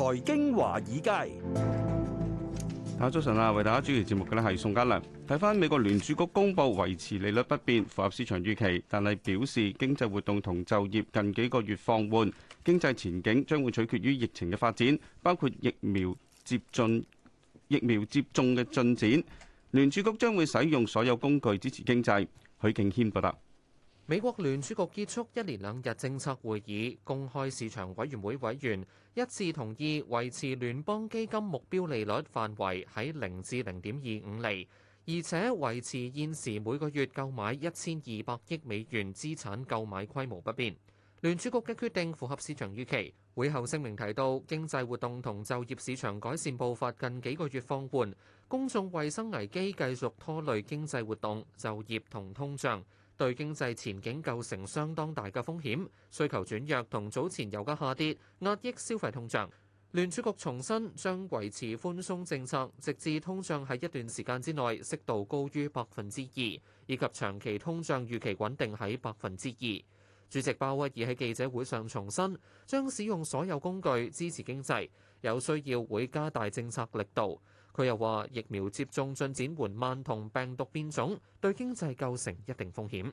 財經華爾街，大家早晨啊！為大家主持節目嘅呢係宋嘉良。睇翻美國聯儲局公布維持利率不變，符合市場預期，但係表示經濟活動同就業近幾個月放緩，經濟前景將會取決於疫情嘅發展，包括疫苗接種疫苗接種嘅進展。聯儲局將會使用所有工具支持經濟。許敬謙報道。美國聯儲局結束一連兩日政策會議，公開市場委員會委員一致同意維持聯邦基金目標利率範圍喺零至零點二五厘，而且維持現時每個月購買一千二百億美元資產購買規模不變。聯儲局嘅決定符合市場預期。會後聲明提到，經濟活動同就業市場改善步伐近幾個月放緩，公眾衛生危機繼續拖累經濟活動、就業同通脹。對經濟前景構成相當大嘅風險，需求轉弱同早前油價下跌，壓抑消費通脹。聯儲局重申將維持寬鬆政策，直至通脹喺一段時間之內適度高於百分之二，以及長期通脹預期穩定喺百分之二。主席鮑威爾喺記者會上重申，將使用所有工具支持經濟，有需要會加大政策力度。佢又話：疫苗接種進展緩慢同病毒變種對經濟構成一定風險。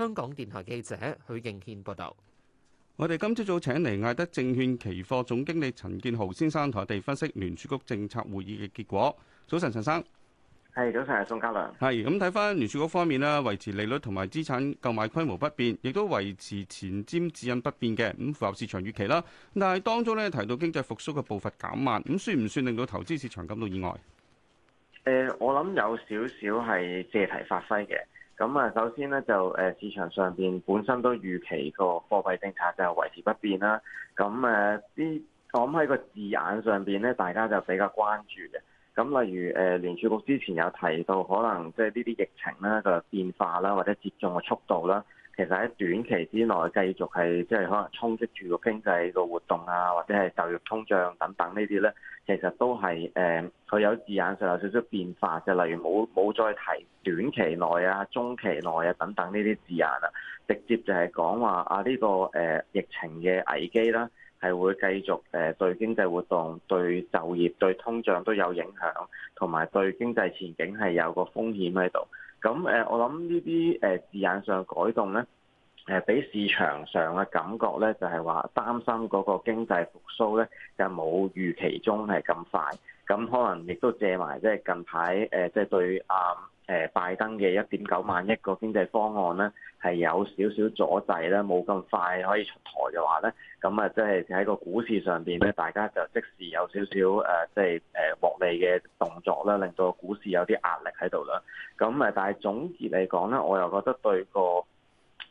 香港電台記者許敬軒報道。我哋今朝早請嚟艾德證券期貨總經理陳建豪先生，同我哋分析聯儲局政策會議嘅結果。早晨，陳生。係早晨，宋嘉良。係咁睇翻聯儲局方面啦，維持利率同埋資產購買規模不變，亦都維持前瞻指引不變嘅，咁符合市場預期啦。但係當中呢提到經濟復甦嘅步伐減慢，咁算唔算令到投資市場感到意外？誒、呃，我諗有少少係借題發揮嘅。咁啊，首先咧就誒市場上邊本身都預期個貨幣政策就維持不變啦。咁誒啲講喺個字眼上邊咧，大家就比較關注嘅。咁例如誒聯儲局之前有提到，可能即係呢啲疫情啦嘅變化啦，或者接種嘅速度啦，其實喺短期之內繼續係即係可能衝擊住個經濟個活動啊，或者係就業通脹等等呢啲咧。其實都係誒，佢有字眼上有少少變化嘅，例如冇冇再提短期內啊、中期內啊等等呢啲字眼啦，直接就係講話啊呢個誒疫情嘅危機啦，係會繼續誒對經濟活動、對就業、對通脹都有影響，同埋對經濟前景係有個風險喺度。咁誒，我諗呢啲誒字眼上改動咧。誒，俾市場上嘅感覺咧，就係話擔心嗰個經濟復甦咧，就冇預期中係咁快。咁可能亦都借埋即係近排誒，即係對啊誒拜登嘅一點九萬億個經濟方案咧，係有少少阻滯啦，冇咁快可以出台嘅話咧，咁啊，即係喺個股市上邊咧，大家就即時有少少誒，即係誒獲利嘅動作啦，令到個股市有啲壓力喺度啦。咁啊，但係總結嚟講咧，我又覺得對個。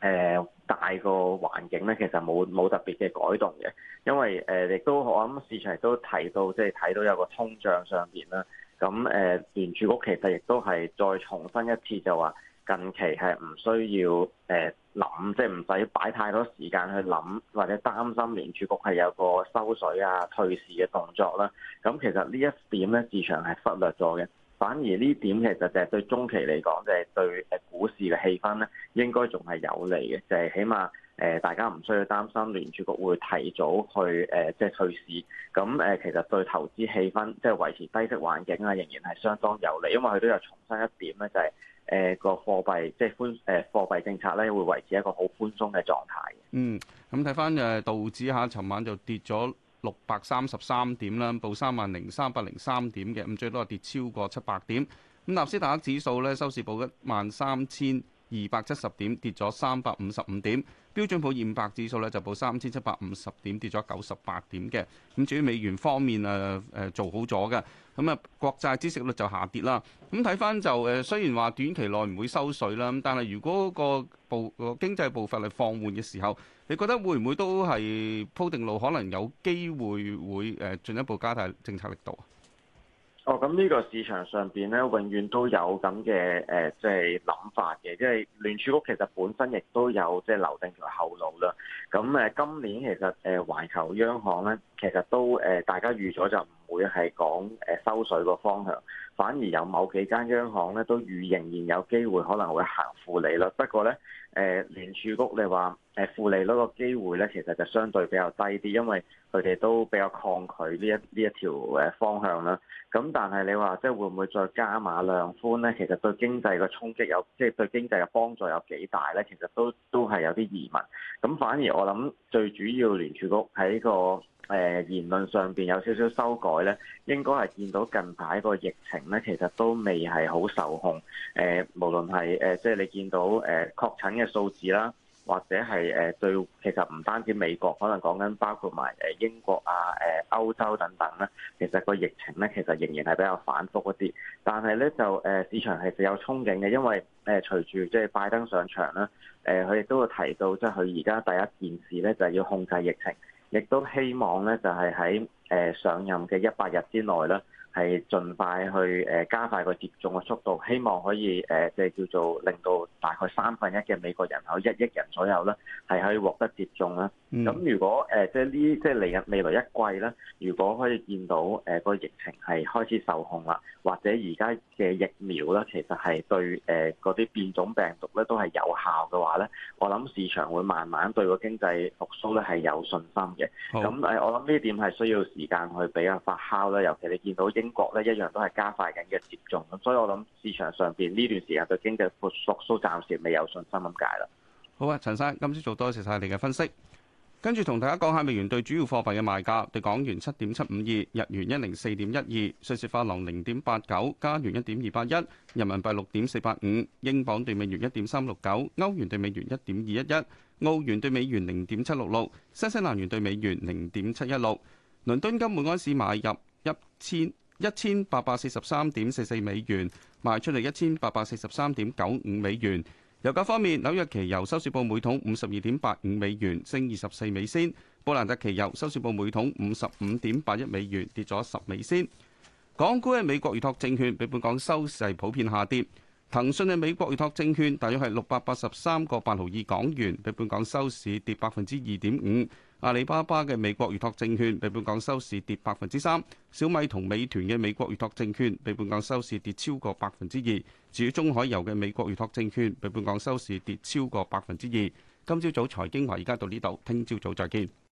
誒、呃、大個環境咧，其實冇冇特別嘅改動嘅，因為誒亦、呃、都我諗市場都提到，即係睇到有個通脹上面啦。咁誒、呃、聯儲局其實亦都係再重申一次就、呃，就話近期係唔需要誒諗，即係唔使擺太多時間去諗，或者擔心聯儲局係有個收水啊、退市嘅動作啦。咁其實呢一點咧，市場係忽略咗嘅。反而呢點其實就係對中期嚟講，就係、是、對誒股市嘅氣氛咧，應該仲係有利嘅。就係、是、起碼誒，大家唔需要擔心聯儲局會提早去誒，即係退市。咁誒，其實對投資氣氛，即、就、係、是、維持低息環境嘅，仍然係相當有利，因為佢都有重申一點咧，就係誒個貨幣即係寬誒貨幣政策咧，會維持一個好寬鬆嘅狀態。嗯，咁睇翻誒道指下尋晚就跌咗。六百三十三點啦，報三萬零三百零三點嘅，咁最多係跌超過七百點。咁納斯達克指數呢，收市報一萬三千。二百七十點，跌咗三百五十五點，標準普爾五百指數咧就報三千七百五十點，跌咗九十八點嘅。咁至於美元方面啊，誒、啊、做好咗嘅。咁啊，國債孳息率就下跌啦。咁睇返就誒、啊，雖然話短期內唔會收水啦，咁、啊、但係如果個步個、啊、經濟步伐嚟放緩嘅時候，你覺得會唔會都係鋪定路，可能有機會會誒、啊、進一步加大政策力度啊？哦，咁呢個市場上邊咧，永遠都有咁嘅誒，即係諗法嘅，因為聯儲局其實本身亦都有即係留定條後路啦。咁誒，今年其實誒，呃、環球央行咧。其實都誒，大家預咗就唔會係講誒收水個方向，反而有某幾間央行咧都預仍然有機會可能會行負利率。不過咧誒，聯儲局你話誒負利率個機會咧，其實就相對比較低啲，因為佢哋都比較抗拒呢一呢一條誒方向啦。咁但係你話即係會唔會再加碼量寬咧？其實對經濟嘅衝擊有即係對經濟嘅幫助有幾大咧？其實都都係有啲疑問。咁反而我諗最主要聯儲局喺個誒言論上邊有少少修改咧，應該係見到近排個疫情咧，其實都未係好受控。誒，無論係誒，即係你見到誒確診嘅數字啦，或者係誒對，其實唔單止美國，可能講緊包括埋誒英國啊、誒歐洲等等啦，其實個疫情咧，其實仍然係比較反覆一啲。但係咧，就誒市場係有憧憬嘅，因為誒隨住即係拜登上場啦，誒佢亦都會提到，即係佢而家第一件事咧就係要控制疫情。亦都希望咧，就係喺誒上任嘅一百日之內咧。係盡快去誒加快個接種嘅速度，希望可以誒即係叫做令到大概三分一嘅美國人口一億人左右啦，係可以獲得接種啦。咁、嗯、如果誒、呃、即係呢即係嚟日未來一季咧，如果可以見到誒個、呃、疫情係開始受控啦，或者而家嘅疫苗咧其實係對誒嗰啲變種病毒咧都係有效嘅話咧，我諗市場會慢慢對個經濟復甦咧係有信心嘅。咁誒好我諗呢點係需要時間去比較發酵啦，尤其你見到。英國咧一樣都係加快緊嘅接種，所以我諗市場上邊呢段時間對經濟復甦暫時未有信心咁解啦。好啊，陳生，今朝早多謝曬你嘅分析。跟住同大家講下美元對主要貨幣嘅賣價，對港元七點七五二，日元一零四點一二，瑞士法郎零點八九，加元一點二八一，人民幣六點四八五，英鎊對美元一點三六九，歐元對美元一點二一一，澳元對美元零點七六六，新西蘭元對美元零點七一六。倫敦金每安士買入一千。一千八百四十三點四四美元賣出嚟一千八百四十三點九五美元。油價方面，紐約期油收市報每桶五十二點八五美元，升二十四美仙。布蘭特期油收市報每桶五十五點八一美元，跌咗十美仙。港股嘅美國預託證券比本港收市係普遍下跌。騰訊嘅美國預託證券大約係六百八十三個八毫二港元，比本港收市跌百分之二點五。阿里巴巴嘅美國預託證券被本港收市跌百分之三，小米同美團嘅美國預託證券被本港收市跌超過百分之二，至於中海油嘅美國預託證券被本港收市跌超過百分之二。今朝早財經華而家到呢度，聽朝早再見。